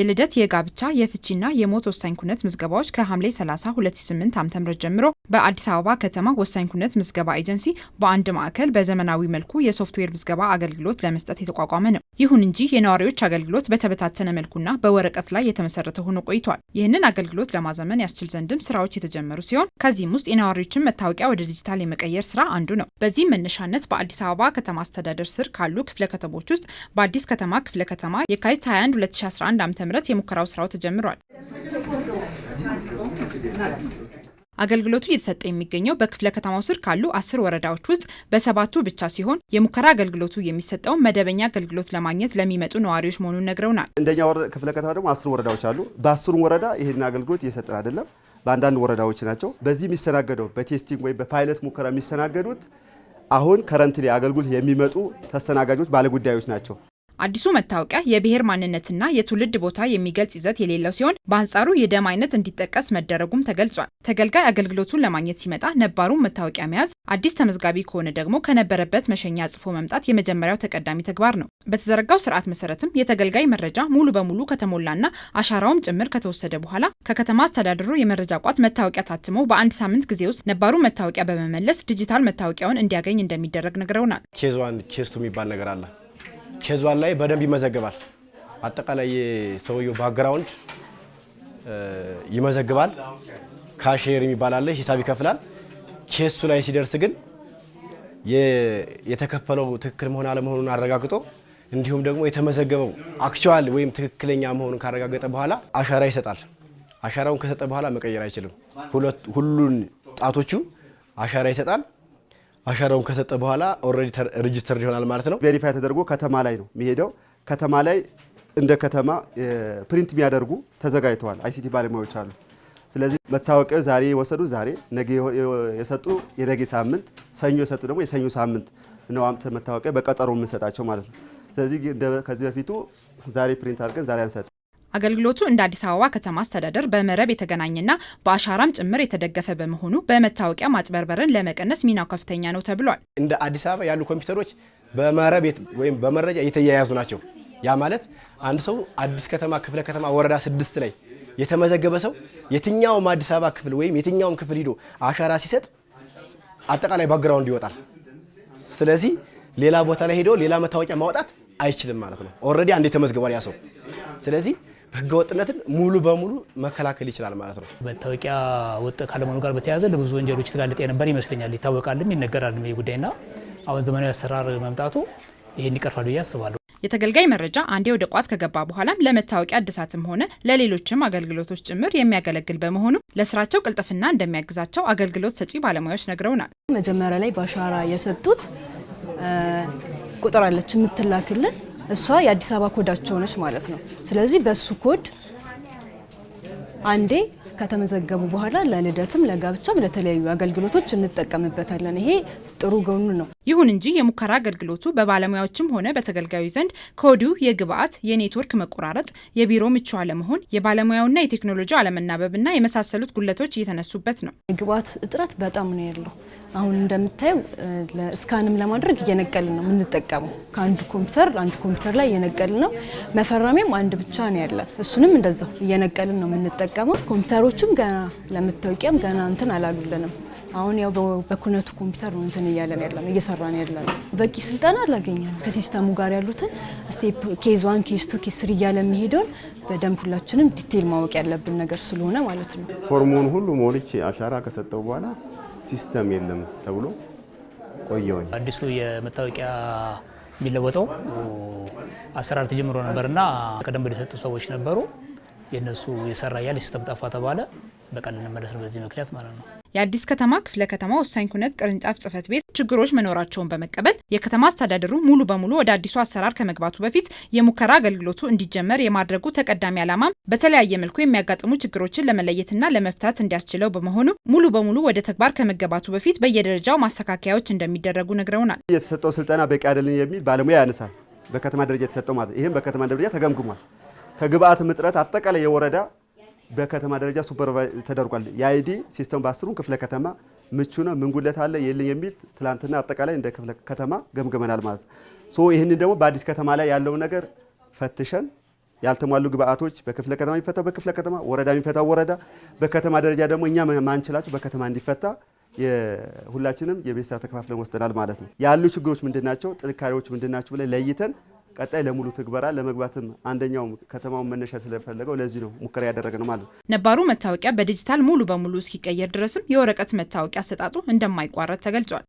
የልደት፣ የጋብቻ፣ የፍቺና የሞት ወሳኝ ኩነት ምዝገባዎች ከሐምሌ 30 2008 ዓ.ም ጀምሮ በአዲስ አበባ ከተማ ወሳኝ ኩነት ምዝገባ ኤጀንሲ በአንድ ማዕከል በዘመናዊ መልኩ የሶፍትዌር ምዝገባ አገልግሎት ለመስጠት የተቋቋመ ነው። ይሁን እንጂ የነዋሪዎች አገልግሎት በተበታተነ መልኩና በወረቀት ላይ የተመሰረተ ሆኖ ቆይቷል። ይህንን አገልግሎት ለማዘመን ያስችል ዘንድም ስራዎች የተጀመሩ ሲሆን ከዚህም ውስጥ የነዋሪዎችን መታወቂያ ወደ ዲጂታል የመቀየር ስራ አንዱ ነው። በዚህም መነሻነት በአዲስ አበባ ከተማ አስተዳደር ስር ካሉ ክፍለ ከተሞች ውስጥ በአዲስ ከተማ ክፍለ ከተማ የካቲት 21 2011 ዓ የሙከራው ስራው ተጀምሯል። አገልግሎቱ እየተሰጠ የሚገኘው በክፍለ ከተማው ስር ካሉ አስር ወረዳዎች ውስጥ በሰባቱ ብቻ ሲሆን የሙከራ አገልግሎቱ የሚሰጠው መደበኛ አገልግሎት ለማግኘት ለሚመጡ ነዋሪዎች መሆኑን ነግረውናል። እንደኛ ክፍለ ከተማ ደግሞ አስር ወረዳዎች አሉ። በአስሩ ወረዳ ይህን አገልግሎት እየሰጠን አይደለም፣ በአንዳንድ ወረዳዎች ናቸው። በዚህ የሚስተናገደው በቴስቲንግ ወይም በፓይለት ሙከራ የሚስተናገዱት አሁን ከረንት አገልግሎት የሚመጡ ተስተናጋጆች ባለጉዳዮች ናቸው። አዲሱ መታወቂያ የብሔር ማንነትና የትውልድ ቦታ የሚገልጽ ይዘት የሌለው ሲሆን በአንጻሩ የደም አይነት እንዲጠቀስ መደረጉም ተገልጿል። ተገልጋይ አገልግሎቱን ለማግኘት ሲመጣ ነባሩን መታወቂያ መያዝ፣ አዲስ ተመዝጋቢ ከሆነ ደግሞ ከነበረበት መሸኛ ጽፎ መምጣት የመጀመሪያው ተቀዳሚ ተግባር ነው። በተዘረጋው ስርዓት መሰረትም የተገልጋይ መረጃ ሙሉ በሙሉ ከተሞላና አሻራውም ጭምር ከተወሰደ በኋላ ከከተማ አስተዳደሩ የመረጃ ቋት መታወቂያ ታትሞ በአንድ ሳምንት ጊዜ ውስጥ ነባሩ መታወቂያ በመመለስ ዲጂታል መታወቂያውን እንዲያገኝ እንደሚደረግ ነግረውናል። ኬዝ ዋን ኬዝ ቱ የሚባል ነገር አለ ኬዟን ላይ በደንብ ይመዘግባል። አጠቃላይ የሰውየው ባክግራውንድ ይመዘግባል። ካሼር የሚባል አለ፣ ሂሳብ ይከፍላል። ኬሱ ላይ ሲደርስ ግን የተከፈለው ትክክል መሆን አለመሆኑን አረጋግጦ እንዲሁም ደግሞ የተመዘገበው አክቹዋል ወይም ትክክለኛ መሆኑን ካረጋገጠ በኋላ አሻራ ይሰጣል። አሻራውን ከሰጠ በኋላ መቀየር አይችልም። ሁሉን ጣቶቹ አሻራ ይሰጣል። አሻራውን ከሰጠ በኋላ ኦልሬዲ ሬጅስተር ይሆናል ማለት ነው። ቬሪፋይ ተደርጎ ከተማ ላይ ነው የሚሄደው። ከተማ ላይ እንደ ከተማ ፕሪንት የሚያደርጉ ተዘጋጅተዋል፣ አይሲቲ ባለሙያዎች አሉ። ስለዚህ መታወቂያው ዛሬ የወሰዱ ዛሬ፣ ነገ የሰጡ የነገ ሳምንት፣ ሰኞ የሰጡ ደግሞ የሰኞ ሳምንት ነው አምተ መታወቂያ በቀጠሮ የምንሰጣቸው ማለት ነው። ስለዚህ ከዚህ በፊቱ ዛሬ ፕሪንት አድርገን ዛሬ አንሰጥ አገልግሎቱ እንደ አዲስ አበባ ከተማ አስተዳደር በመረብ የተገናኘና በአሻራም ጭምር የተደገፈ በመሆኑ በመታወቂያ ማጭበርበርን ለመቀነስ ሚናው ከፍተኛ ነው ተብሏል። እንደ አዲስ አበባ ያሉ ኮምፒውተሮች በመረብ ወይም በመረጃ የተያያዙ ናቸው። ያ ማለት አንድ ሰው አዲስ ከተማ ክፍለ ከተማ ወረዳ ስድስት ላይ የተመዘገበ ሰው የትኛውም አዲስ አበባ ክፍል ወይም የትኛውም ክፍል ሂዶ አሻራ ሲሰጥ አጠቃላይ ባግራውንድ ይወጣል። ስለዚህ ሌላ ቦታ ላይ ሄዶ ሌላ መታወቂያ ማውጣት አይችልም ማለት ነው። ኦልሬዲ አንድ የተመዝግቧል ያ ሰው። ስለዚህ ህገወጥነትን ሙሉ በሙሉ መከላከል ይችላል ማለት ነው። መታወቂያ ወጥ ካለመሆኑ ጋር በተያያዘ ለብዙ ወንጀሎች የተጋለጠ የነበር ይመስለኛል። ይታወቃልም ይነገራልም ይህ ጉዳይና አሁን ዘመናዊ አሰራር መምጣቱ ይህን ይቀርፋል ብዬ አስባለሁ። የተገልጋይ መረጃ አንዴ ወደ ቋት ከገባ በኋላም ለመታወቂያ እድሳትም ሆነ ለሌሎችም አገልግሎቶች ጭምር የሚያገለግል በመሆኑ ለስራቸው ቅልጥፍና እንደሚያግዛቸው አገልግሎት ሰጪ ባለሙያዎች ነግረውናል። መጀመሪያ ላይ በአሻራ የሰጡት ቁጥር አለች የምትላክለት እሷ የአዲስ አበባ ኮዳቸው ነች ማለት ነው። ስለዚህ በሱ ኮድ አንዴ ከተመዘገቡ በኋላ ለልደትም ለጋብቻም ለተለያዩ አገልግሎቶች እንጠቀምበታለን። ይሄ ጥሩ ጎኑ ነው። ይሁን እንጂ የሙከራ አገልግሎቱ በባለሙያዎችም ሆነ በተገልጋዩ ዘንድ ከወዲሁ የግብአት የኔትወርክ መቆራረጥ፣ የቢሮ ምቹ አለመሆን፣ የባለሙያውና የቴክኖሎጂ አለመናበብና የመሳሰሉት ጉለቶች እየተነሱበት ነው። የግብአት እጥረት በጣም ነው ያለው። አሁን እንደምታየው እስካንም ለማድረግ እየነቀልን ነው የምንጠቀመው። ከአንድ ኮምፒውተር አንድ ኮምፒውተር ላይ እየነቀልን ነው። መፈረሚያም አንድ ብቻ ነው ያለ፣ እሱንም እንደዛው እየነቀልን ነው የምንጠቀመው። ኮምፒውተሮችም ገና ለምታወቂያም ገና እንትን አላሉልንም። አሁን ያው በኩነቱ ኮምፒውተር ነው እንትን እያለን ያለ ነው እየሰራን ያለ ነው። በቂ ስልጠና አላገኘንም። ከሲስተሙ ጋር ያሉትን ስቴፕ ኬዝ ዋን፣ ኬዝ ቱ፣ ኬዝ ስሪ እያለ የሚሄደውን በደንብ ሁላችንም ዲቴል ማወቅ ያለብን ነገር ስለሆነ ማለት ነው። ፎርሙን ሁሉ ሞልቼ አሻራ ከሰጠው በኋላ ሲስተም የለም ተብሎ ቆየሁኝ። አዲሱ የመታወቂያ የሚለወጠው አሰራር ተጀምሮ ነበርና ቀደም ብሎ የሰጡ ሰዎች ነበሩ። የእነሱ የሰራ ያለ ሲስተም ጠፋ ተባለ። በቃ ልንመለስ ነው በዚህ ምክንያት ማለት ነው። የአዲስ ከተማ ክፍለ ከተማ ወሳኝ ኩነት ቅርንጫፍ ጽህፈት ቤት ችግሮች መኖራቸውን በመቀበል የከተማ አስተዳደሩ ሙሉ በሙሉ ወደ አዲሱ አሰራር ከመግባቱ በፊት የሙከራ አገልግሎቱ እንዲጀመር የማድረጉ ተቀዳሚ ዓላማም በተለያየ መልኩ የሚያጋጥሙ ችግሮችን ለመለየትና ለመፍታት እንዲያስችለው በመሆኑ ሙሉ በሙሉ ወደ ተግባር ከመገባቱ በፊት በየደረጃው ማስተካከያዎች እንደሚደረጉ ነግረውናል። የተሰጠው ስልጠና በቂ አይደለም የሚል ባለሙያ ያነሳል። በከተማ ደረጃ የተሰጠው ማለት ይህም በከተማ ደረጃ ተገምግሟል። ከግብአት ምጥረት አጠቃላይ የወረዳ በከተማ ደረጃ ሱፐርቫይዝ ተደርጓል። የአይዲ ሲስተም በአስሩም ክፍለ ከተማ ምቹ ነው፣ ምን ጉድለት አለ የለኝ የሚል ትላንትና አጠቃላይ እንደ ክፍለ ከተማ ገምገመናል ማለት ነው። ይህንን ደግሞ በአዲስ ከተማ ላይ ያለው ነገር ፈትሸን ያልተሟሉ ግብአቶች በክፍለ ከተማ የሚፈታው በክፍለ ከተማ፣ ወረዳ የሚፈታው ወረዳ፣ በከተማ ደረጃ ደግሞ እኛ ማንችላቸው በከተማ እንዲፈታ ሁላችንም የቤት ስራ ተከፋፍለን ወስደናል ማለት ነው። ያሉ ችግሮች ምንድናቸው፣ ጥንካሬዎች ምንድናቸው ብለን ለይተን ቀጣይ ለሙሉ ትግበራ ለመግባትም አንደኛው ከተማውን መነሻ ስለፈለገው ለዚህ ነው ሙከራ ነው ማለት ነው። ነባሩ መታወቂያ በዲጂታል ሙሉ በሙሉ እስኪቀየር ድረስም የወረቀት መታወቂያ አሰጣጡ እንደማይቋረጥ ተገልጿል።